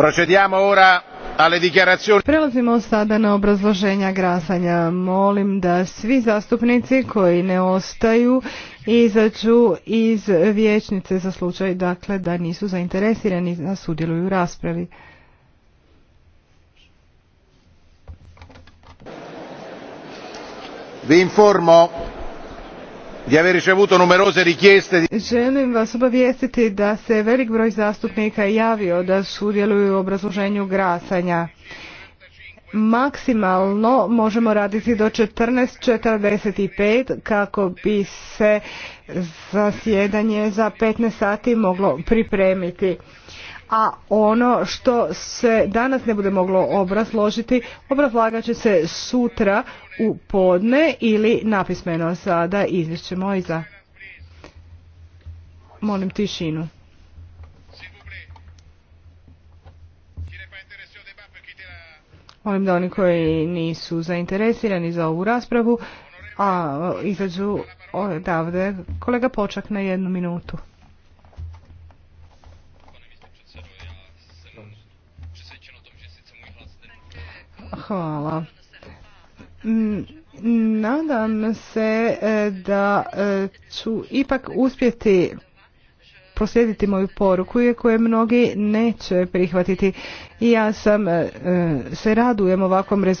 Procediamo Prelazimo sada na obrazloženja glasanja. Molim da svi zastupnici koji ne ostaju izađu iz vijećnice za slučaj dakle da nisu zainteresirani da sudjeluju u raspravi. Vi informo di aver ricevuto Želim vas obavijestiti da se velik broj zastupnika javio da sudjeluju u obrazloženju grasanja. Maksimalno možemo raditi do 14.45 kako bi se zasjedanje za 15 sati moglo pripremiti a ono što se danas ne bude moglo obrazložiti, obrazlagat će se sutra u podne ili napismeno sada izvješće za. Molim tišinu. Molim da oni koji nisu zainteresirani za ovu raspravu, a izađu odavde. Kolega Počak na jednu minutu. Hvala. Mm, nadam se e, da e, ću ipak uspjeti proslijediti moju poruku je koje mnogi neće prihvatiti. I ja sam e, se radujem ovakvom rezultatu